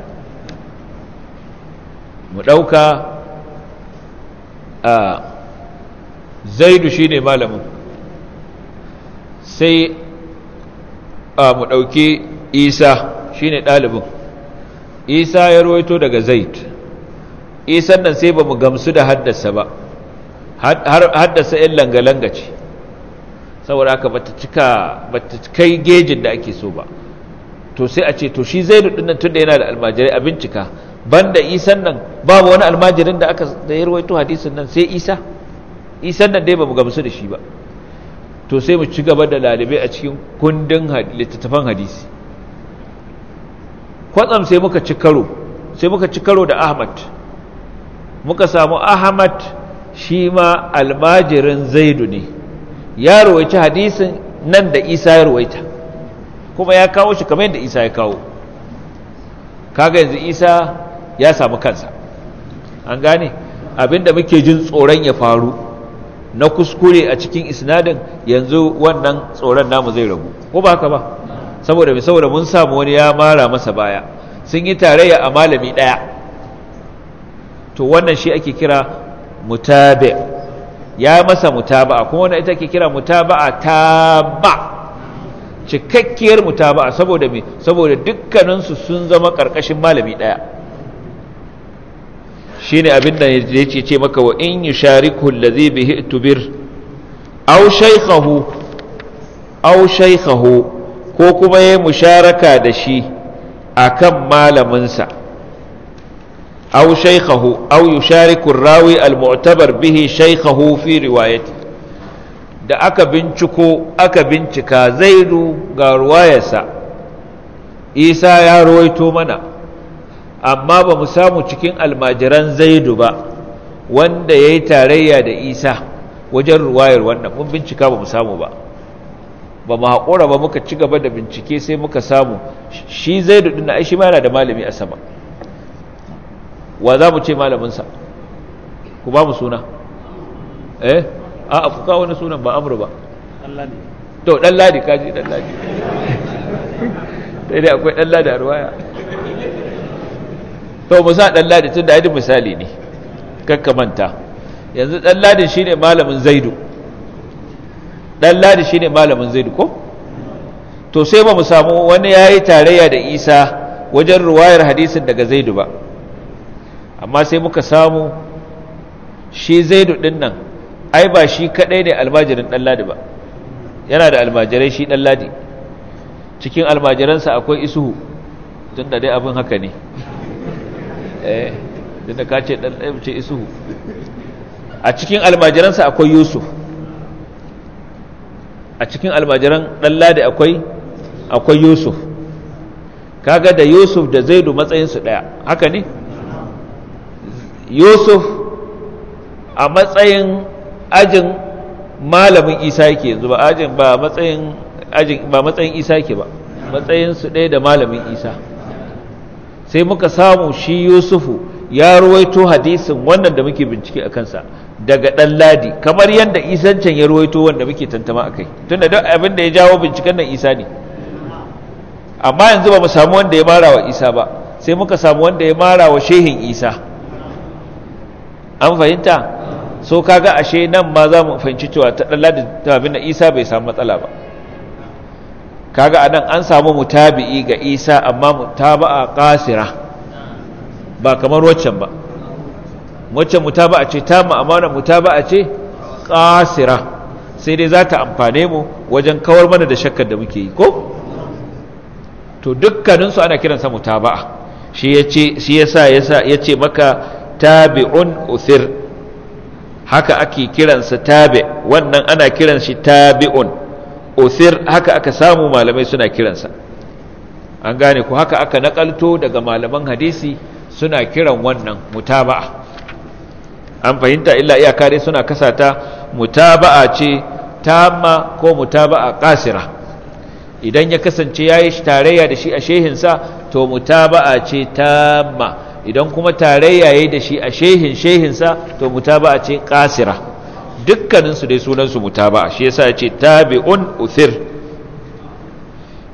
mu ɗauka a zaidu shi ne malamin sai a mu ɗauki isa shi ne ɗalibin isa ya ruwaito daga zaid isan nan sai ba mu gamsu da haddasa ba haddasa yan langa-langa ce saboda haka bata cika bata kai gejin da ake so ba to sai a ce to shi zai din nan da yana da almajirai a bincika banda isan nan babu wani almajirin da aka da ya rawaito nan sai isa isan nan dai ba mu gamsu da shi ba to sai mu ci gaba da lalibai a cikin kundin littattafan hadisi kwatsam sai muka ci karo sai muka ci karo da ahmad muka samu ahmad shi ma almajirin zaidu ne ya ruwaici hadisin nan da isa ya ruwaita kuma ya kawo shi kamar yadda isa ya kawo kaga yanzu isa ya samu kansa an gane abinda muke jin tsoron ya faru na kuskure a cikin isnadin yanzu wannan tsoron namu zai ragu ko ba haka ba saboda mai saboda mun samu wani ya mara masa baya sun yi tarayya a malami ɗaya to wannan shi ake kira mutabi ya masa mutaba'a kuma wanda ita ke kira mutaba'a ta ba cikakkiyar mutaba'a saboda saboda dukkaninsu sun zama ƙarƙashin malami ɗaya shine abin da yace ce maka wa in yushariku allazi bihi tubir aw shaykhahu aw shaykhahu ko kuma yi musharaka da shi akan malamin sa أو شيخه أو يشارك الراوي المعتبر به شيخه في روايته da aka binciko aka bincika zaidu ga ruwayarsa isa ya ruwaito mana amma ba mu samu cikin almajiran zaidu ba wanda ya yi tarayya da isa wajen ruwayar wannan mun bincika ba mu samu ba ba mu haƙura ba muka ci gaba da bincike sai muka samu shi zaidu ɗin na aishi ma yana da malami a sama wa za mu ce malaminsa ku ba mu suna eh a kawo wani sunan ba amur ba to dan ladi ji dan ladi sai dai akwai dan ladi a ruwaya to mu sa dan ladi tun da haidin misali ne kakkamanta yanzu dan ladin shine malamin zaidu dan ladi shine malamin zaidu ko to sai ba mu samu wani yayi tarayya da isa wajen ruwayar hadisin daga zaidu ba amma sai muka samu shi zaidu ɗin nan ai ba shi kaɗai ne almajirin ladi ba yana da almajirai shi ladi cikin almajiransa akwai isuhu tun da dai abin haka ne eh tun da ka ce ce isuhu a cikin almajiransa akwai yusuf a cikin almajiran ladi akwai akwai yusuf kaga da yusuf da zaidu matsayinsu ɗaya haka ne yusuf a matsayin ajin malamin isa yake yanzu ba ajin ba matsayin ajin ba matsayin isa yake ba matsayin su ɗaya da malamin isa sai muka samu shi yusufu ya ruwaito hadisin wannan da muke bincike a kansa daga ɗan ladi kamar yadda isancen ya ruwaito wanda muke tantama a kai tunda duk abin da ya jawo binciken nan isa ne amma yanzu ba mu samu wanda ya mara wa isa ba sai muka samu wanda ya mara wa shehin isa an fahimta so kaga ashe nan ma za mu fahimci cewa ta ɗalla da na isa bai samu matsala ba kaga anan an samu mutabi'i ga isa amma mutaba'a kasira ba kamar waccan ba waccan mutaba'a ce ta ma'amana mutaba'a ce kasira sai dai za ta amfane mu wajen kawar mana da shakkar da muke yi ko to dukkaninsu ana kiransa mutaba'a shi ya ce maka tabi'un usir haka ake kiransa tabi' wannan ana kiran shi tabi'un usir haka aka samu malamai suna kiransa an gane ku haka aka nakalto daga malaman hadisi suna kiran wannan mutaba'a an fahimta illa iyaka dai suna kasata mutaba'a ce tama ko mutaba'a kasira idan ya kasance yayi tarayya da shi a shehinsa to mutaba'a ce tama. idan kuma tarayya yayi da shi a shehin shehinsa to mutaba'a ce kasira. dukkanin su dai sunan su mutaba'a shi yasa yace tabi'un uthir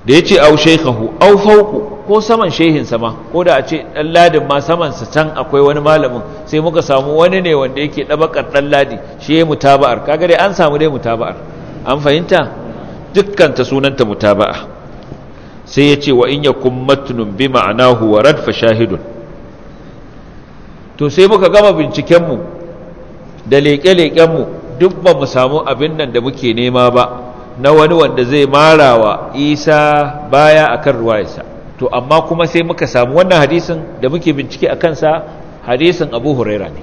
da yace au shekahu, au fauku ko saman shehinsa ma ko da a ce dan ladin ma saman can akwai wani malamin sai muka samu wani ne wanda yake ɗabakar dan ladi shi yayi mutaba'ar kaga dai an samu dai mutaba'ar an fahimta dukkan ta sunanta mutaba'a sai yace wa in yakum matnun bi ma'anahu wa radfa shahidun to sai muka gama bincikenmu da leƙe-leƙenmu duk ba mu samu abin nan da muke nema ba na wani wanda zai mara wa isa baya akan ruwayarsa to amma kuma sai muka samu wannan hadisin da muke bincike a kansa hadisin abu huraira ne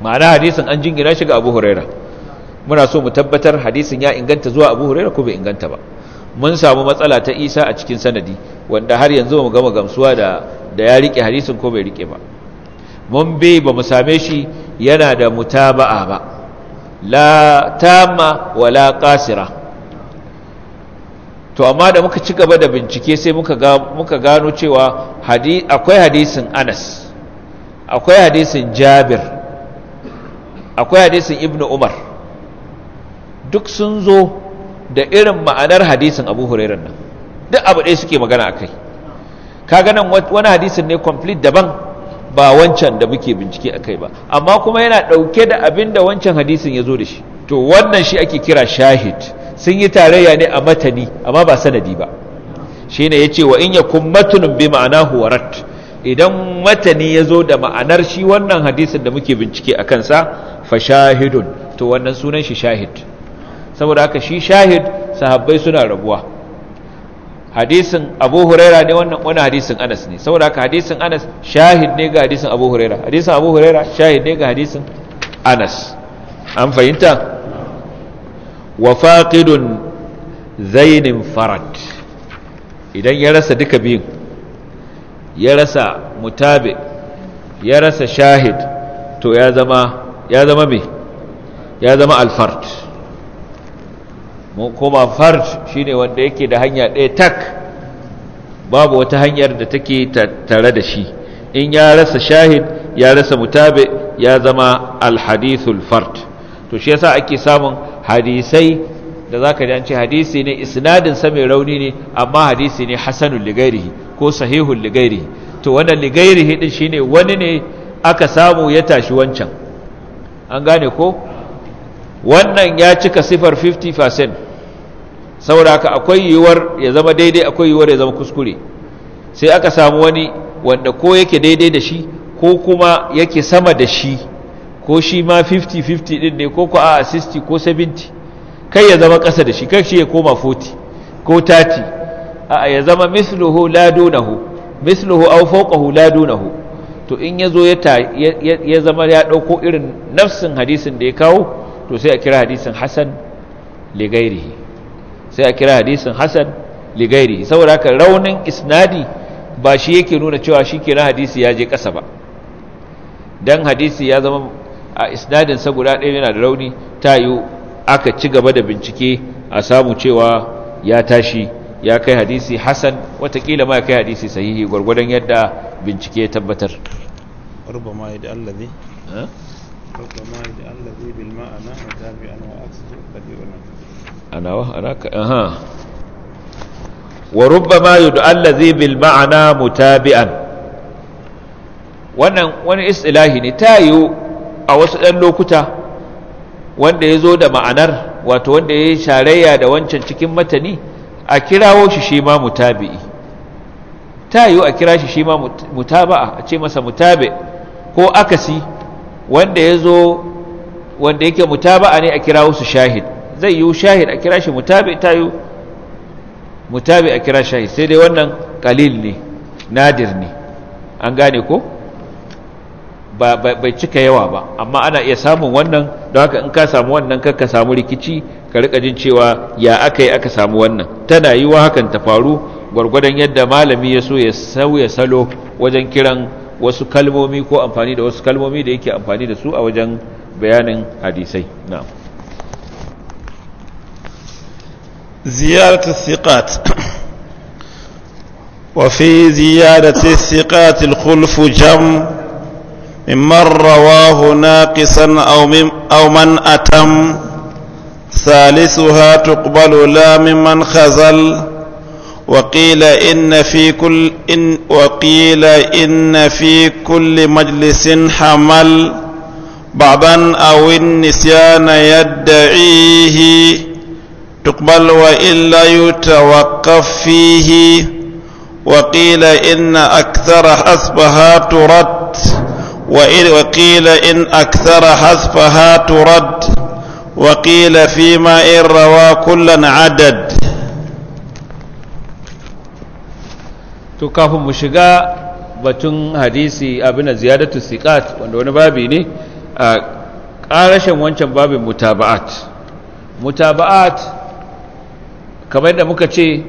ma'ana hadisin an jingina shi ga abu huraira muna so mu tabbatar hadisin ya inganta zuwa abu huraira ko bai inganta ba mun samu matsala ta isa a cikin sanadi wanda har yanzu mu gama gamsuwa da ya rike hadisin ko bai rike ba mun bi ba mu same shi yana da mutaba'a ba la tama wala qasira to amma da muka ci gaba da bincike sai muka ga muka gano cewa akwai hadisin Anas akwai hadisin Jabir akwai hadisin Ibn Umar duk sun zo da irin ma'anar hadisin Abu Hurairah nan duk abu ɗaya suke magana akai kaga nan wani hadisin ne complete daban ba wancan da muke bincike a kai ba amma kuma yana ɗauke da abin da wancan hadisin ya zo da shi to wannan shi ake kira shahid sun yi tarayya ne a matani amma ba sanadi ba shi ne ya ce wa in yakun matunun bi ma'ana huwarat idan matani ya zo da ma'anar shi wannan hadisin da muke bincike a kansa fa shahidun to wannan sunan shi shahid saboda haka shi shahid sahabbai suna rabuwa hadisin abu huraira ne wannan wani hadisin anas ne saboda haka hadisin anas shahid ne ga hadisin abu huraira hadisin abu huraira shahid ne ga hadisin anas an fahimta wa faqidun zainin farad idan ya rasa duka biyun ya rasa mutabe, ya rasa shahid to ya zama ya zama me ya zama alfard mun kuma farj shine wanda yake da hanya ɗaya tak babu wata hanyar da take tare da shi in ya rasa shahid ya rasa mutabe ya zama alhadithul fard to shi yasa ake samun hadisai da zaka ji an ce hadisi ne isnadin sa mai rauni ne amma hadisi ne hasanul ligairihi ko sahihul ligairihi to wannan ligairihi din ne wani ne aka samu ya tashi wancan an gane ko wannan ya cika sifar 50% saboda haka akwai yiwuwar ya zama daidai akwai yiwuwar ya zama kuskure sai aka samu wani wanda ko yake daidai da shi ko kuma yake sama da shi ko shi ma 50-50 din ne ko ku a 60 ko 70 kai ya zama ƙasa da shi kai shi ya koma 40 ko 30 a ya zama misluhu na hu misluhu fokahu lado na hu to in ya zo ya zama ya ɗauko irin nafsin hadisin da ya kawo to sai a kira hadisin Hassan legairihi sai a kira hadisin hasan ligairi saboda haka raunin isnadi ba shi yake nuna cewa shi kenan hadisi ya je ƙasa ba don hadisi ya zama a isnadin saboda guda ɗaya yana da rauni ta yi aka ci gaba da bincike a samu cewa ya tashi ya kai hadisi hasan watakila ma ya kai hadisi sahihi gwargwadon yadda bincike ya tabbatar wa rubbama yud'a allazi bil ma'ana mutabi'an wannan wani istilahi ne ta yi a wasu ɗan lokuta wanda ya zo da ma'anar wato wanda ya yi sharayya da wancan cikin matani a kirawo shi shi ma mutabi'i ta yi a kira shi shi ma mutaba'a a ce masa mutabi ko akasi wanda ya zo wanda yake mutaba'a ne a kirawo su shahid zai yi shahid a kira shi mutabi ta yi mutabi a kira shahid sai dai wannan kalil ne nadir ne an gane ko bai cika yawa ba amma ana iya samun wannan don haka in ka samu wannan ka samu rikici ka rika jin cewa ya aka yi aka samu wannan tana yi wa hakan ta faru gwargwadon yadda malami ya so ya sauya salo wajen kiran wasu kalmomi ko amfani da wasu kalmomi da yake amfani da su a wajen bayanin hadisai na'am زيارة الثقات وفي زيارة الثقات الخلف جم ممن رواه ناقصا أو, من أو من أتم ثالثها تقبل لا ممن خزل وقيل إن في كل إن وقيل إن في كل مجلس حمل بعضا أو النسيان يدعيه تقبل وإلا يتوقف فيه وقيل إن أكثر حسبها ترد وقيل إن أكثر حسبها ترد وقيل فيما إن روى كلا عدد تكافم shiga batun hadisi abin da ziyadatu siqat wanda wani babi ne a ƙarashin wancan babin mutaba'at mutaba'at kamar da muka ce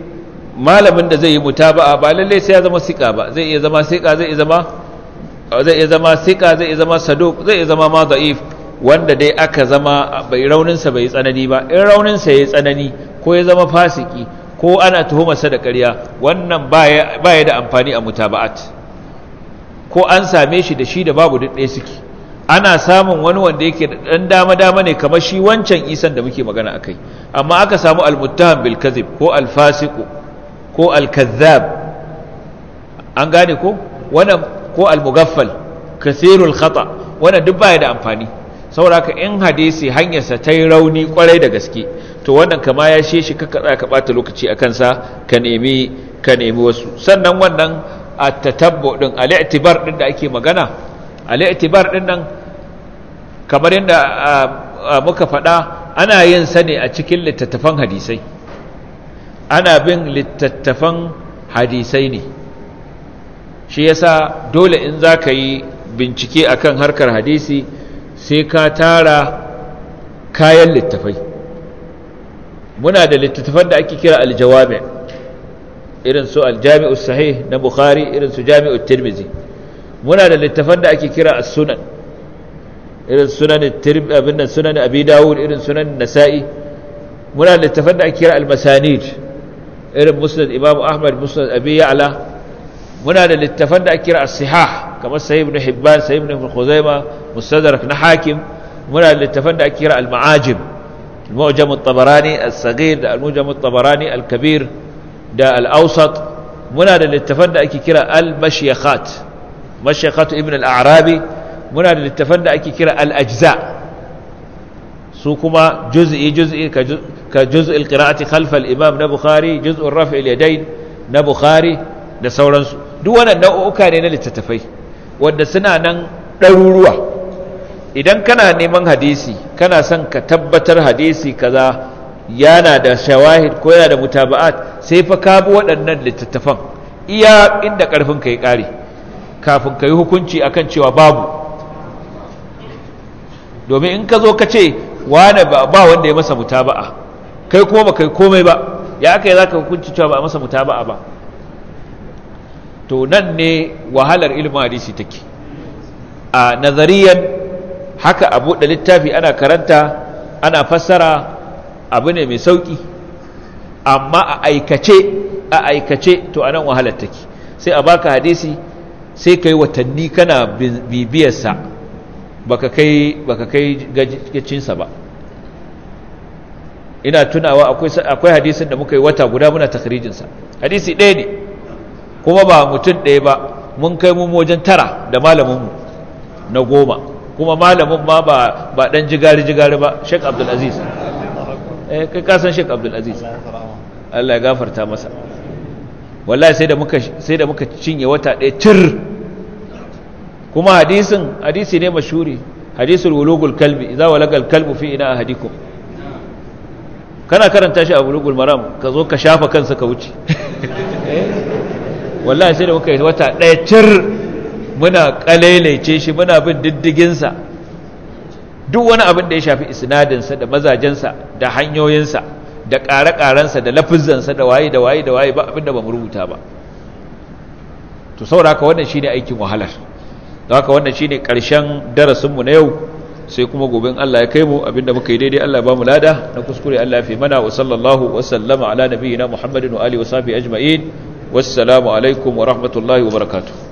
malamin da zai yi mutaba'a ba lalle sai ya zama sika ba zai iya zama sika zai iya zama zai sika zai iya zama saduq zai iya zama ma wanda dai aka zama bai raunin sa bai tsanani ba in raunin sa yayi tsanani ko ya zama fasiki ko ana tuhumar sa da ƙarya wannan baya baya da amfani a mutaba'at ko an same shi da shi da babu duk ɗaya suke ana samun wani wanda yake da ɗan dama-dama ne kamar shi wancan isan da muke magana akai amma aka samu almuttahan bil kazib ko alfasiku ko alkazzab an gane ko wannan ko almugaffal kasirul khata wannan duk baya da amfani sauraka in hadisi hanyarsa ta yi rauni kwarai da gaske to wannan kama ya she shi kaka ka bata lokaci a kansa ka nemi ka nemi wasu sannan wannan a tatabbo din al'itibar din da ake magana al'itibar din nan kamar yadda muka faɗa ana yin ne a cikin littattafan hadisai ana bin littattafan hadisai ne shi yasa dole in za ka yi bincike a kan harkar hadisi sai ka tara kayan littafai muna da littattafan da ake kira aljawami irin su aljami'u sahih na bukhari irin su jami'u tirmizi muna da littattafan da ake kira as-sunan irin sunan tirmidhi abin nan sunan abi dawud irin sunan nasa'i muna da tafar da ake kira Almasanid irin musnad imam ahmad musnad abi ya'la muna da littafan da akira as-sihah kamar sahih ibn hibban sahih ibn khuzaimah mustadrak na hakim muna da littafan da akira al-ma'ajim al-mu'jam at-tabarani as-saghir da al-mu'jam at-tabarani al-kabir da al-awsat muna da littafan da ake kira al-mashyakhat mashyakhat ibn al-arabi muna da littafan da ake kira al-ajza su kuma juz'i juz'i ka juz'i al-qira'ati imam na bukhari juz'u raf'i al na bukhari da sauransu duk wannan nau'uka ne na littattafai wanda suna nan ɗaruruwa idan kana neman hadisi kana son ka tabbatar hadisi kaza yana da shawahid ko yana da mutaba'at sai fa ka bi waɗannan littattafan iya inda ƙarfin ka yi ƙari kafin ka yi hukunci akan cewa babu domin in ka zo ka ce wane ba wanda ya masa mutaba'a kai kuma ba kai komai ba ya aka yi za ka hukunci cewa ba a masa mutaba'a ba to nan ne wahalar ilimin hadisi take a nazariyan haka a buɗe littafi ana karanta ana fassara abu ne mai sauƙi amma a aikace a aikace to a nan wahalar take sai a baka hadisi sai ka yi watanni kana bibiyarsa baka kai baka gajicinsa ba ina tunawa akwai akwai hadisin da muka yi wata guda muna takhrijin sa hadisi ɗaya ne kuma ba mutum ɗaya ba mun kai mu wajen tara da malamin na goma kuma malamin ma ba ba dan jigari jigari ba Sheikh Abdul eh kai ka san Sheikh Abdul Allah ya gafarta masa wallahi sai da muka sai da muka cinye wata ɗaya tir kuma hadisin hadisi ne mashuri hadisul wulugul kalbi idza walagal kalbu fi ina ahadikum kana karanta shi a wulugul maram ka zo ka shafa kansa ka wuce wallahi sai da muka yi wata ɗaya cir muna kalailace shi muna bin diddiginsa duk wani abin da ya shafi isnadinsa da mazajensa da hanyoyinsa da ƙare-ƙarensa da lafizansa da waye da waye da waye ba abin da ba mu rubuta ba to sauraka wannan shine aikin wahalar haka wannan shine karshen darasinmu na yau sai kuma gobe Allah ya kai mu abinda muka yi daidai Allah ya bamu lada na kuskure Allah ya fi mana wa sallallahu wa sallama ala nabiyyina Muhammadin wa alihi wa sahbihi ajma'in wassalamu alaikum wa rahmatullahi wa barakatuh